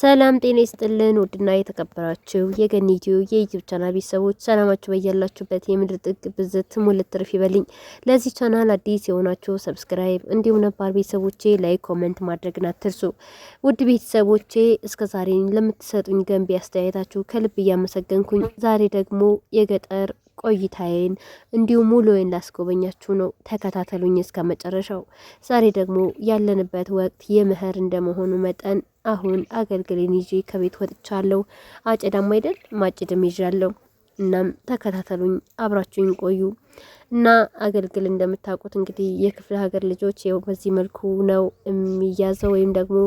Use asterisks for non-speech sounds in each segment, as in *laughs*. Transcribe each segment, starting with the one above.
ሰላም ጤና ይስጥልን ውድና የተከበራችሁ የገኒ ኢትዮ የዩቲዩብ ቻናል ቤተሰቦች ሰላማችሁ በያላችሁበት የምድር ጥግ ብዝት ሙልት ትርፍ ይበልኝ። ለዚህ ቻናል አዲስ የሆናችሁ ሰብስክራይብ፣ እንዲሁም ነባር ቤተሰቦቼ ላይ ኮመንት ማድረግን አትርሱ። ውድ ቤተሰቦቼ እስከ ዛሬ ለምትሰጡኝ ገንቢ አስተያየታችሁ ከልብ እያመሰገንኩኝ ዛሬ ደግሞ የገጠር ቆይታዬን እንዲሁም ሙሉዬን ላስጎበኛችሁ ነው። ተከታተሉኝ እስከ መጨረሻው። ዛሬ ደግሞ ያለንበት ወቅት የመኸር እንደመሆኑ መጠን አሁን አገልግሌን ይዤ ከቤት ወጥቻለሁ። አጨዳም አይደል ማጭድም ይዣለሁ። እናም ተከታተሉኝ፣ አብራችሁኝ ቆዩ እና አገልግል እንደምታውቁት እንግዲህ የክፍለ ሀገር ልጆች ያው በዚህ መልኩ ነው የሚያዘው ወይም ደግሞ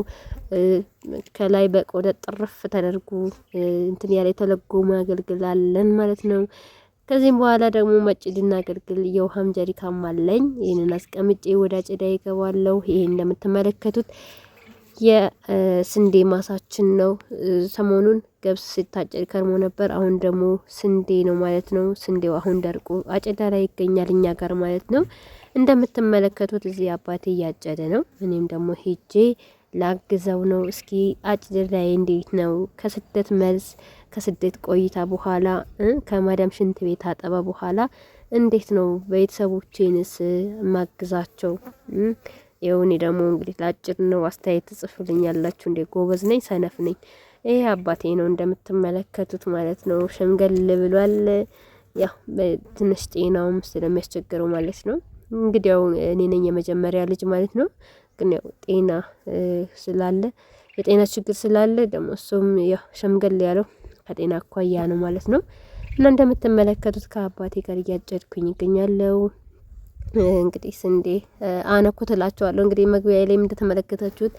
ከላይ በቆደ ጥርፍ ተደርጉ እንትን ያለ የተለጎመ አገልግል አለን ማለት ነው። ከዚህም በኋላ ደግሞ መጭድና አገልግል የውሃም ጀሪካም አለኝ። ይህንን አስቀምጬ ወደ አጨዳ ይገባለሁ። ይሄን እንደምትመለከቱት የስንዴ ማሳችን ነው። ሰሞኑን ገብስ ሲታጨድ ከርሞ ነበር። አሁን ደግሞ ስንዴ ነው ማለት ነው። ስንዴው አሁን ደርቆ አጨዳ ላይ ይገኛል እኛ ጋር ማለት ነው። እንደምትመለከቱት እዚህ አባቴ እያጨደ ነው። እኔም ደግሞ ሄጄ ላግዘው ነው። እስኪ አጭድር ላይ እንዴት ነው ከስደት መልስ ከስደት ቆይታ በኋላ ከማዳም ሽንት ቤት አጠባ በኋላ እንዴት ነው ቤተሰቦቼንስ ማግዛቸው ይኸው እኔ ደግሞ እንግዲህ ለአጭር ነው አስተያየት ያላችሁ እንዴ ጎበዝ ነኝ፣ ሰነፍ ነኝ። ይህ አባቴ ነው እንደምትመለከቱት ማለት ነው። ሸምገል ብሏል። ያው ትንሽ ጤናውም ስለሚያስቸግረው ማለት ነው። እንግዲህ ያው እኔ ነኝ የመጀመሪያ ልጅ ማለት ነው። ግን ያው ጤና ስላለ የጤና ችግር ስላለ ደግሞ እሱም ያው ሸምገል ያለው ከጤና አኳያ ነው ማለት ነው። እና እንደምትመለከቱት ከአባቴ ጋር እያጨድኩኝ ይገኛለው። እንግዲህ ስንዴ አነኩት እላችኋለሁ። እንግዲህ መግቢያ ላይም እንደተመለከታችሁት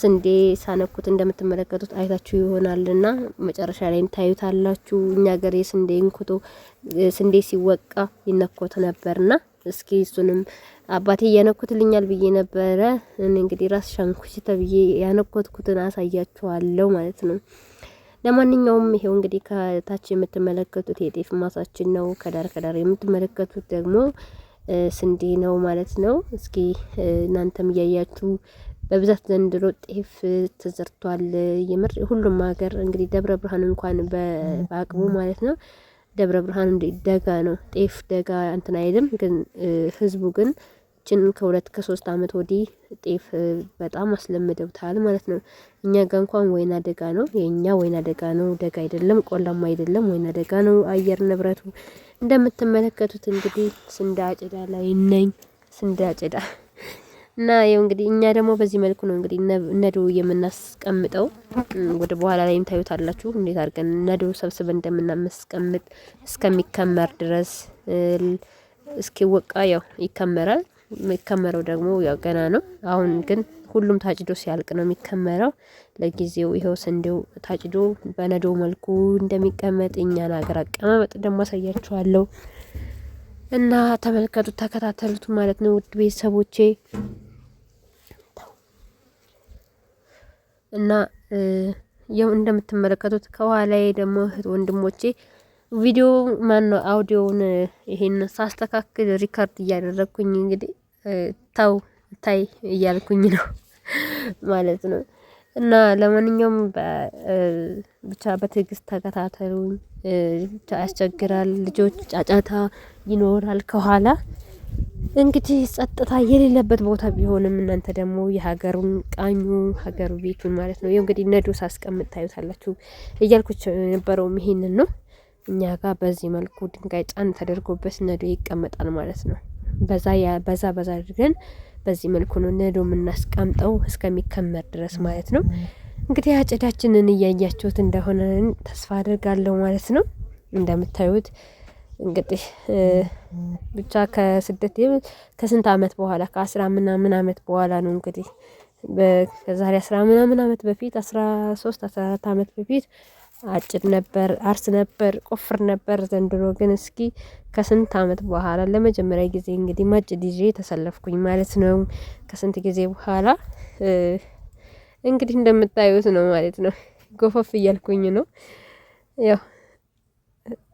ስንዴ ሳነኩት እንደምትመለከቱት አይታችሁ ይሆናልና መጨረሻ ላይም ታዩታላችሁ። እኛ ገር የስንዴ እንኩቶ ስንዴ ሲወቃ ይነኮት ነበርና እስኪ እሱንም አባቴ እያነኩትልኛል ብዬ ነበረ። እኔ እንግዲህ ራስ ሻንኩሽ ተብዬ ያነኮትኩትን አሳያችኋለሁ ማለት ነው። ለማንኛውም ይሄው እንግዲህ ከታች የምትመለከቱት የጤፍ ማሳችን ነው። ከዳር ከዳር የምትመለከቱት ደግሞ ስንዴ ነው ማለት ነው። እስኪ እናንተም እያያችሁ በብዛት ዘንድሮ ጤፍ ተዘርቷል። የምር ሁሉም ሀገር እንግዲህ ደብረ ብርሃን እንኳን በአቅሙ ማለት ነው። ደብረ ብርሃን ደጋ ነው ጤፍ ደጋ እንትን አይልም፣ ግን ህዝቡ ግን ችን ከሁለት ከሶስት አመት ወዲህ ጤፍ በጣም አስለምደውታል ማለት ነው። እኛ ጋ እንኳን ወይና ደጋ ነው የእኛ ወይና ደጋ ነው፣ ደጋ አይደለም፣ ቆላማ አይደለም፣ ወይና ደጋ ነው አየር ንብረቱ እንደምትመለከቱት እንግዲህ ስንዴ አጨዳ ላይ ነኝ። ስንዴ አጨዳ እና ይኸው እንግዲህ እኛ ደግሞ በዚህ መልኩ ነው እንግዲህ ነዶ የምናስቀምጠው። ወደ በኋላ ላይም ታዩታላችሁ እንዴት አድርገን ነዶ ሰብስበን እንደምናስቀምጥ እስከሚከመር ድረስ እስኪወቃ ያው ይከመራል። የሚከመረው ደግሞ ያው ገና ነው። አሁን ግን ሁሉም ታጭዶ ሲያልቅ ነው የሚከመረው። ለጊዜው ይኸው ስንዴው ታጭዶ በነዶ መልኩ እንደሚቀመጥ እኛን ሀገር አቀማመጥ ደግሞ አሳያችኋለሁ እና ተመልከቱት፣ ተከታተሉት ማለት ነው ውድ ቤተሰቦቼ እና ያው እንደምትመለከቱት ከኋላዬ ደግሞ እህት ወንድሞቼ ቪዲዮ ማነው አውዲዮውን ይሄን ሳስተካክል ሪከርድ እያደረግኩኝ እንግዲህ ታው ታይ እያልኩኝ ነው። *laughs* ማለት ነው። እና ለማንኛውም ብቻ በትዕግስት ተከታተሉ። ያስቸግራል። ልጆች ጫጫታ ይኖራል ከኋላ እንግዲህ ጸጥታ የሌለበት ቦታ ቢሆንም እናንተ ደግሞ የሀገሩን ቃኙ፣ ሀገሩ ቤቱን ማለት ነው። ይኸው እንግዲህ ነዶ ሳስቀምጥ ታዩታላችሁ እያልኩች የነበረው ይሄንን ነው። እኛ ጋር በዚህ መልኩ ድንጋይ ጫን ተደርጎበት ነዶ ይቀመጣል ማለት ነው። በዛ በዛ በዛ አድርገን በዚህ መልኩ ነው ነዶ የምናስቀምጠው እስከሚከመር ድረስ ማለት ነው። እንግዲህ አጭዳችንን እያያችሁት እንደሆነ ተስፋ አድርጋለሁ ማለት ነው። እንደምታዩት እንግዲህ ብቻ ከስደት ከስንት አመት በኋላ ከአስራ ምናምን አመት በኋላ ነው እንግዲህ ከዛሬ አስራ ምናምን አመት በፊት አስራ ሶስት አስራ አራት አመት በፊት አጭድ ነበር፣ አርስ ነበር፣ ቆፍር ነበር። ዘንድሮ ግን እስኪ ከስንት አመት በኋላ ለመጀመሪያ ጊዜ እንግዲህ ማጭድ ይዤ ተሰለፍኩኝ ማለት ነው። ከስንት ጊዜ በኋላ እንግዲህ እንደምታዩት ነው ማለት ነው። ጎፈፍ እያልኩኝ ነው ያው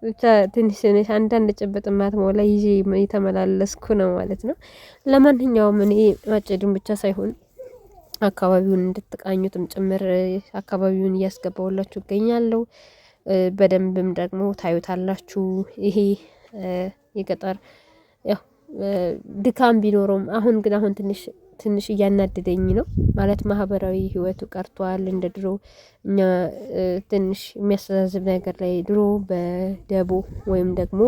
ብቻ ትንሽ ትንሽ አንዳንድ ጭብጥ ማትመው ይዤ የተመላለስኩ ነው ማለት ነው። ለማንኛውም እኔ ማጨድን ብቻ ሳይሆን አካባቢውን እንድትቃኙትም ጭምር አካባቢውን እያስገባውላችሁ እገኛለሁ። በደንብም ደግሞ ታዩታላችሁ። ይሄ የገጠር ድካም ቢኖረውም አሁን ግን አሁን ትንሽ ትንሽ እያናደደኝ ነው ማለት ማህበራዊ ህይወቱ ቀርቷል። እንደ ድሮ እኛ ትንሽ የሚያስተዛዝብ ነገር ላይ ድሮ በደቦ ወይም ደግሞ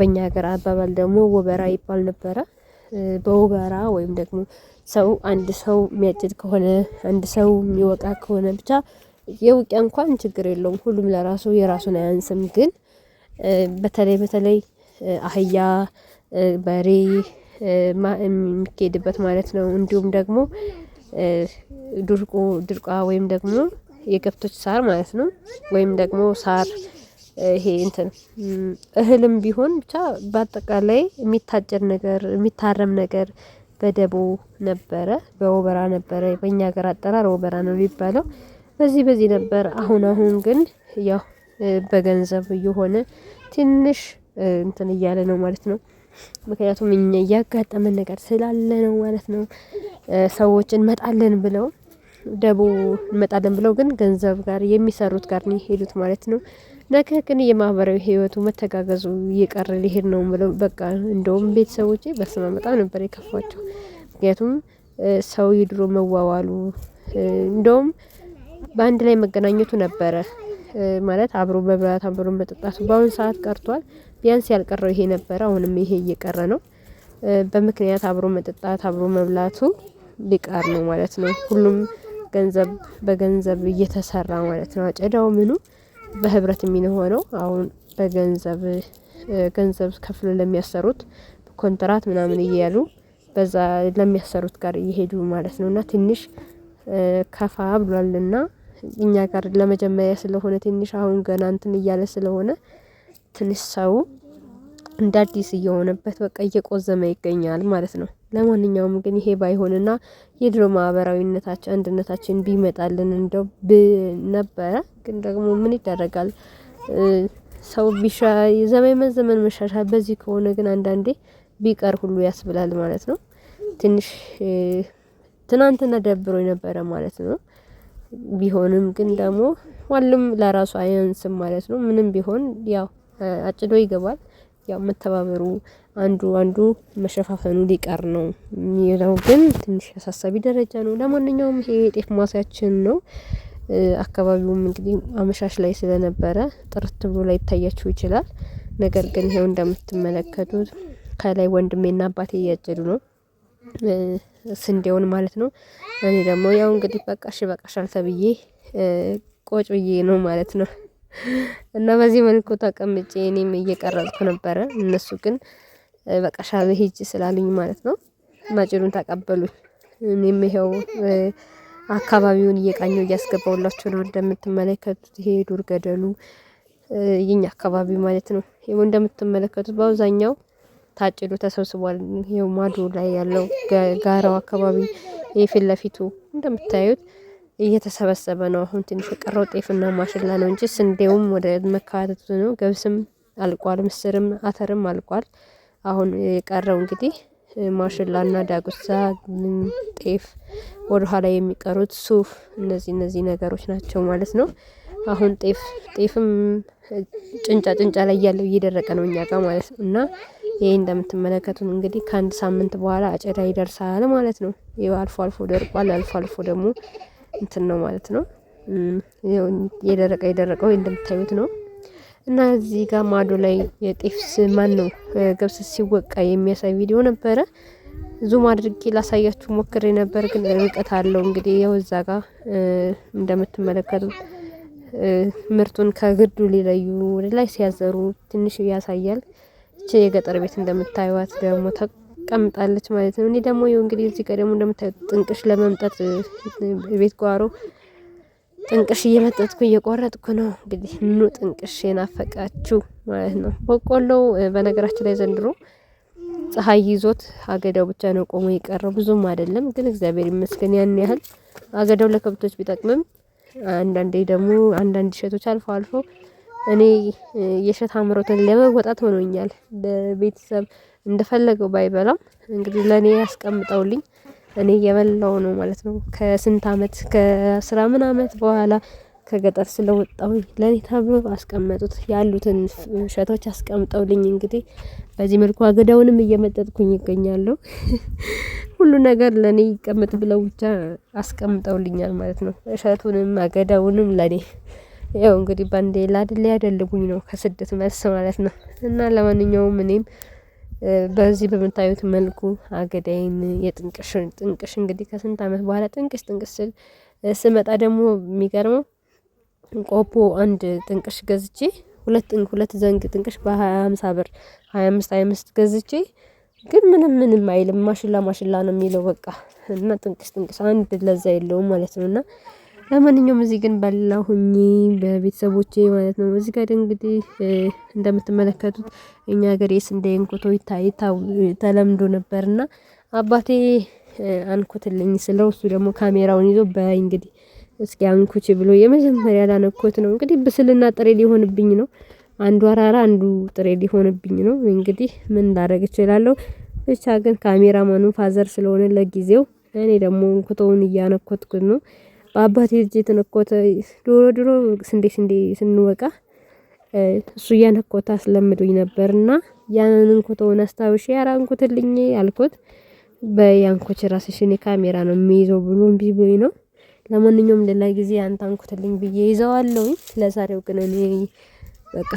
በእኛ ሀገር አባባል ደግሞ ወበራ ይባል ነበረ። በውበራ ወይም ደግሞ ሰው አንድ ሰው የሚያጭድ ከሆነ አንድ ሰው የሚወቃ ከሆነ ብቻ የውቂያ እንኳን ችግር የለውም። ሁሉም ለራሱ የራሱን አያንስም። ግን በተለይ በተለይ አህያ፣ በሬ የሚኬድበት ማለት ነው። እንዲሁም ደግሞ ድርቁ ድርቋ ወይም ደግሞ የከብቶች ሳር ማለት ነው ወይም ደግሞ ሳር ይሄ እንትን እህልም ቢሆን ብቻ በአጠቃላይ የሚታጨድ ነገር የሚታረም ነገር በደቦ ነበረ፣ በወበራ ነበረ። በእኛ ሀገር አጠራር ወበራ ነው የሚባለው። በዚህ በዚህ ነበር። አሁን አሁን ግን ያው በገንዘብ እየሆነ ትንሽ እንትን እያለ ነው ማለት ነው። ምክንያቱም እኛ እያጋጠመን ነገር ስላለ ነው ማለት ነው። ሰዎች እንመጣለን ብለው ደቦ እንመጣለን ብለው ግን ገንዘብ ጋር የሚሰሩት ጋር ነው የሄዱት ማለት ነው። ነገ ግን የማህበራዊ ህይወቱ መተጋገዙ እየቀረ ሊሄድ ነው ብለው በቃ እንደውም ቤተሰቦች በስማ በጣም ነበር የከፏቸው። ምክንያቱም ሰው የድሮ መዋዋሉ እንደውም በአንድ ላይ መገናኘቱ ነበረ ማለት አብሮ መብላት አብሮ መጠጣቱ በአሁን ሰዓት ቀርቷል። ቢያንስ ያልቀረው ይሄ ነበረ። አሁንም ይሄ እየቀረ ነው። በምክንያት አብሮ መጠጣት አብሮ መብላቱ ሊቀር ነው ማለት ነው ሁሉም ገንዘብ በገንዘብ እየተሰራ ማለት ነው። አጨዳው ምኑ በህብረት የሚሆነው አሁን በገንዘብ ገንዘብ ከፍሎ ለሚያሰሩት ኮንትራት ምናምን እያሉ በዛ ለሚያሰሩት ጋር እየሄዱ ማለት ነው። እና ትንሽ ከፋ ብሏልና እኛ ጋር ለመጀመሪያ ስለሆነ ትንሽ አሁን ገና እንትን እያለ ስለሆነ ትንሽ ሰው እንደ አዲስ እየሆነበት በቃ እየቆዘመ ይገኛል ማለት ነው። ለማንኛውም ግን ይሄ ባይሆንና የድሮ ማህበራዊነታችን አንድነታችን ቢመጣልን እንደው ብነበረ ግን ደግሞ ምን ይደረጋል ሰው ቢሻ የዘመን መዘመን መሻሻል በዚህ ከሆነ ግን አንዳንዴ ቢቀር ሁሉ ያስብላል ማለት ነው። ትንሽ ትናንትና ደብሮ የነበረ ማለት ነው። ቢሆንም ግን ደግሞ ሁሉም ለራሱ አያንስም ማለት ነው። ምንም ቢሆን ያው አጭዶ ይገባል ያው መተባበሩ አንዱ አንዱ መሸፋፈኑ ሊቀር ነው የሚለው ግን ትንሽ አሳሳቢ ደረጃ ነው። ለማንኛውም ይሄ የጤፍ ማሳያችን ነው። አካባቢውም እንግዲህ አመሻሽ ላይ ስለነበረ ጥርት ብሎ ላይ ይታያችሁ ይችላል። ነገር ግን ይኸው እንደምትመለከቱት ከላይ ወንድሜና አባቴ እያጨዱ ነው ስንዴውን ማለት ነው። እኔ ደግሞ ያው እንግዲህ በቃሽ በቃሽ አልተብዬ ቆጭ ብዬ ነው ማለት ነው። እና በዚህ መልኩ ተቀምጬ እኔም እየቀረጽኩ ነበረ እነሱ ግን በቃ ሻዕቢያ ሂጅ ስላሉኝ ማለት ነው ማጭዱን ተቀበሉኝ። እኔም ይሄው አካባቢውን እየቃኙ እያስገባውላችሁ ነው። እንደምትመለከቱት ይሄ ዱር ገደሉ የኛ አካባቢ ማለት ነው። ይሄው እንደምትመለከቱት በአብዛኛው ታጭዶ ተሰብስቧል። ይሄው ማዶ ላይ ያለው ጋራው አካባቢ ይሄ ለፊቱ እንደምታዩት እየተሰበሰበ ነው። አሁን ትንሽ የቀረው ጤፍና ማሽላ ነው እንጂ ስንዴውም ወደ መካተቱ ነው። ገብስም አልቋል፣ ምስርም አተርም አልቋል። አሁን የቀረው እንግዲህ ማሽላና ዳጉሳ፣ ጤፍ ወደኋላ የሚቀሩት ሱፍ፣ እነዚህ እነዚህ ነገሮች ናቸው ማለት ነው። አሁን ጤፍ ጤፍም ጭንጫ ጭንጫ ላይ ያለው እየደረቀ ነው እኛ ጋር ማለት ነው። እና ይህ እንደምትመለከቱን እንግዲህ ከአንድ ሳምንት በኋላ አጨዳ ይደርሳል ማለት ነው። ይኸው አልፎ አልፎ ደርቋል፣ አልፎ አልፎ ደግሞ እንትን ነው ማለት ነው። የደረቀ የደረቀው እንደምታዩት ነው። እና እዚህ ጋር ማዶ ላይ የጤፍ ማን ነው ገብስ ሲወቃ የሚያሳይ ቪዲዮ ነበረ። ዙም አድርጌ ላሳያችሁ ሞክሬ ነበር፣ ግን ርቀት አለው እንግዲህ ያው እዛ ጋር እንደምትመለከቱት ምርቱን ከግዱ ሊለዩ ወደ ላይ ሲያዘሩ ትንሽ ያሳያል። እቺ የገጠር ቤት እንደምታዩት ደግሞ ተቀምጣለች ማለት ነው። እኔ ደግሞ ይኸው እንግዲህ እዚህ ጋር ደግሞ እንደምታዩት ጥንቅሽ ለመምጠት ቤት ጓሮ ጥንቅሽ እየመጠጥኩ እየቆረጥኩ ነው። እንግዲህ ኑ ጥንቅሽ የናፈቃችሁ ማለት ነው። በቆሎው በነገራችን ላይ ዘንድሮ ፀሐይ ይዞት አገዳው ብቻ ነው ቆሞ የቀረው። ብዙም አይደለም ግን እግዚአብሔር ይመስገን ያን ያህል አገዳው ለከብቶች ቢጠቅምም አንዳንዴ ደግሞ አንዳንድ እሸቶች አልፎ አልፎ እኔ የእሸት አምሮትን ለመወጣት ሆኖኛል። ለቤተሰብ እንደፈለገው ባይበላም እንግዲህ ለእኔ ያስቀምጠውልኝ እኔ የበላው ነው ማለት ነው። ከስንት አመት ከአስራ ምን አመት በኋላ ከገጠር ስለወጣሁኝ ለእኔ ተብሎ አስቀመጡት። ያሉትን እሸቶች አስቀምጠውልኝ እንግዲህ በዚህ መልኩ አገዳውንም እየመጠጥኩኝ ይገኛለሁ። *laughs* ሁሉ ነገር ለእኔ ይቀመጥ ብለው ብቻ አስቀምጠውልኛል ማለት ነው። እሸቱንም አገዳውንም ለእኔ ያው እንግዲህ ባንዴ ላድል ያደልጉኝ ነው ከስደት መልስ ማለት ነው። እና ለማንኛውም እኔም በዚህ በምታዩት መልኩ አገዳይን የጥንቅሽን ጥንቅሽ እንግዲህ ከስንት ዓመት በኋላ ጥንቅሽ ጥንቅሽ ስል ስመጣ ደግሞ የሚገርመው ቆፖ አንድ ጥንቅሽ ገዝቼ ሁለት ሁለት ዘንግ ጥንቅሽ በ50 ብር ሀያ አምስት ገዝቼ ግን ምንም ምንም አይልም። ማሽላ ማሽላ ነው የሚለው በቃ እና ጥንቅሽ ጥንቅሽ አንድ ለዛ የለውም ማለት ነው እና? ለማንኛውም እዚህ ግን በላሁኝ በቤተሰቦቼ ማለት ነው። እዚህ ጋር እንግዲህ እንደምትመለከቱት እኛ ሀገር የስንዴ እንቁቶ ተለምዶ ነበርና አባቴ አንኩትልኝ ስለው እሱ ደግሞ ካሜራውን ይዞ በይ እንግዲህ እስኪ አንኩች ብሎ የመጀመሪያ ላነኮት ነው እንግዲህ ብስልና ጥሬ ሊሆንብኝ ነው። አንዱ አራራ አንዱ ጥሬ ሊሆንብኝ ነው። እንግዲህ ምን ላደርግ እችላለሁ። ብቻ ግን ካሜራማኑ ፋዘር ስለሆነ ለጊዜው እኔ ደግሞ እንኩቶውን እያነኮትኩት ነው። በአባቴ እጅ የተነኮተ ዶሮ ድሮ ስንዴ ስንዴ ስንወቃ እሱ እያነኮተ አስለምዶኝ ነበርና ያንን እንኮተውን አስታውሼ ኧረ እንኩትልኝ አልኩት። በያንኮች ራስሽን ካሜራ ነው የሚይዘው ብሎ እምቢ ብሎኝ ነው። ለማንኛውም ሌላ ጊዜ አንተ እንኩትልኝ ብዬ ይዘዋለሁ። ለዛሬው ግን እኔ በቃ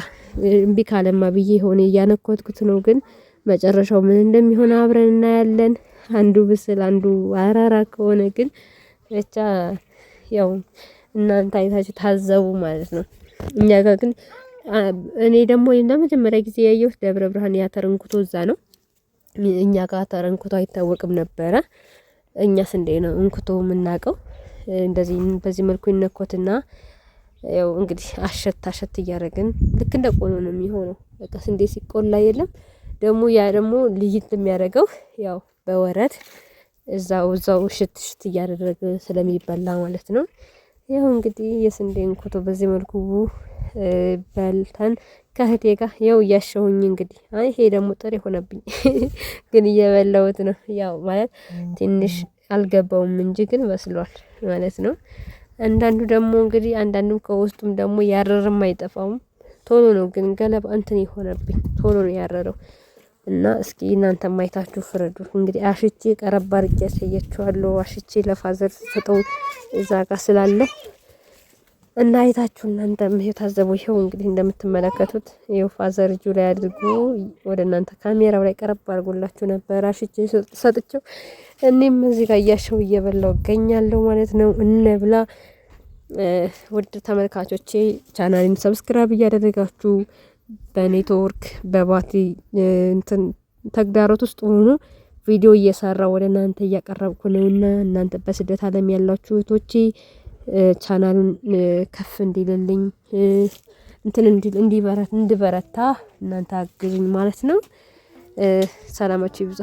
እምቢ ካለማ ብዬ ሆነ እያነኮትኩት ነው። ግን መጨረሻው ምን እንደሚሆን አብረን እናያለን። አንዱ ብስል አንዱ አራራ ከሆነ ግን ብቻ ያው እናንተ አይታችሁ ታዘቡ ማለት ነው። እኛ ጋር ግን እኔ ደግሞ ለመጀመሪያ ጊዜ ያየሁት ደብረ ብርሃን ያተረንኩቶ እዛ ነው። እኛ ጋር ተረንኩቶ አይታወቅም ነበረ። እኛስ ስንዴ ነው እንኩቶ የምናውቀው? እንደዚህ በዚህ መልኩ ይነኮትና ያው እንግዲህ አሸት አሸት እያደረግን ልክ እንደ ቆሎ ነው የሚሆነው። በቃ ስንዴ ሲቆላ የለም ደግሞ ያ ደግሞ ልይት የሚያደርገው ያው በወረት እዛው እዛው ሽት ሽት እያደረገ ስለሚበላ ማለት ነው። ያው እንግዲህ የስንዴን ኮቶ በዚህ መልኩ በልተን ከህቴ ጋር ያው እያሸሁኝ እንግዲህ አይ ይሄ ደግሞ ጥሬ ሆነብኝ፣ *laughs* ግን እየበላሁት ነው። ያው ማለት ትንሽ አልገባውም እንጂ ግን በስሏል ማለት ነው። አንዳንዱ ደግሞ እንግዲህ አንዳንዱም ከውስጡም ደግሞ ያረርም አይጠፋውም። ቶሎ ነው ግን ገለባ እንትን የሆነብኝ ቶሎ ነው ያረረው። እና እስኪ እናንተ ማይታችሁ ፍረዱ። እንግዲህ አሽቼ ቀረብ አድርጌ ያሳያችኋለሁ። አሽቼ ለፋዘር ሰጠው እዛ ጋር ስላለ እና አይታችሁ እናንተ የታዘቡ ይኸው እንግዲህ እንደምትመለከቱት ይኸው ፋዘር እጁ ላይ አድርጎ ወደ እናንተ ካሜራው ላይ ቀረብ አድርጎላችሁ ነበር። አሽቼ ሰጥቸው እኔም እዚህ ጋር እያሸው እየበላው እገኛለሁ ማለት ነው። እነብላ ውድ ተመልካቾቼ ቻናሊን ሰብስክራይብ እያደረጋችሁ በኔትወርክ በባትሪ እንትን ተግዳሮት ውስጥ ሆኖ ቪዲዮ እየሰራ ወደ እናንተ እያቀረብኩ ነውና እናንተ በስደት ዓለም ያላችሁ እህቶቼ ቻናሉን ከፍ እንዲልልኝ እንትን እንዲበረት እንድበረታ እናንተ አግዙኝ ማለት ነው። ሰላማችሁ ይብዛ።